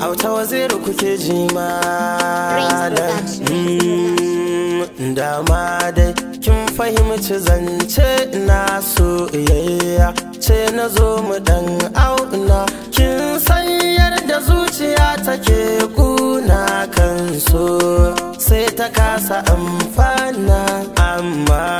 Auta wata waziri kuke jima hmm, dama dai kin fahimci zance na soyayya ce na zo mu dan auna kin san da zuciya take kuna kan so sai ta kasa amfana amma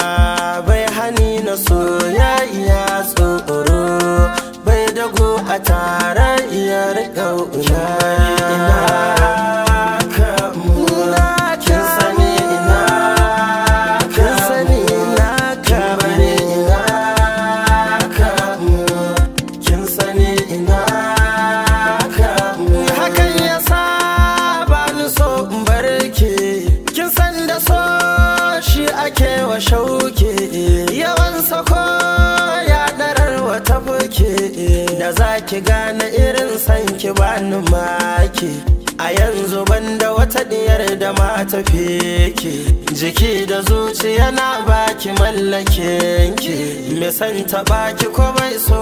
shauke yawan sako ya ɗarar wata buke da za ki gane irin sanki bani maki a yanzu banda wata diyar da ma tafi ki jiki da zuciya na baki mallakin ki me baki ko bai so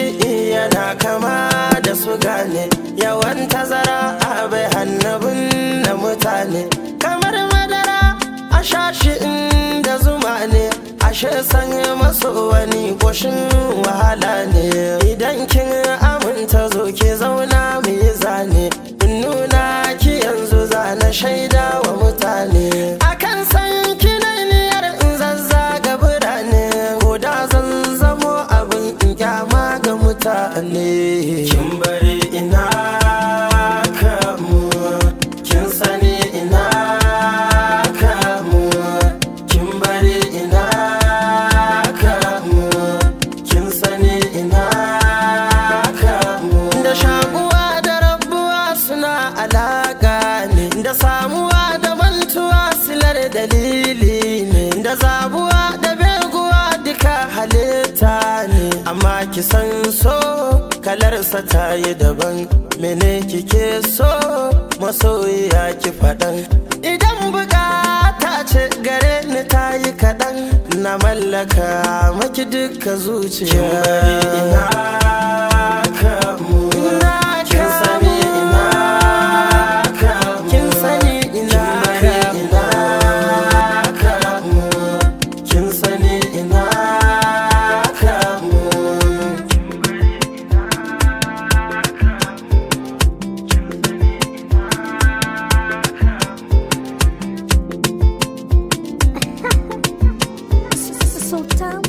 iyana e, yana kama da su gane yawan tazara bai hannabin na mutane kamar madara a shashi inda zuma ne ashe sanya maso wani ƙoshin wahala ne ne kin bari ina kamu? kin sani ina kamuwa kin bari ina kamuwa kin sani ina kamuwa da shakuwa da rabuwa suna alaka ne da samuwa da mantuwa silar dalili ne da zabuwa ki san so kalarsa ta yi daban mene kike so masoyiya ki faɗan idan bukata ce gare ni ta yi kaɗan na mallaka maki duka zuciya so down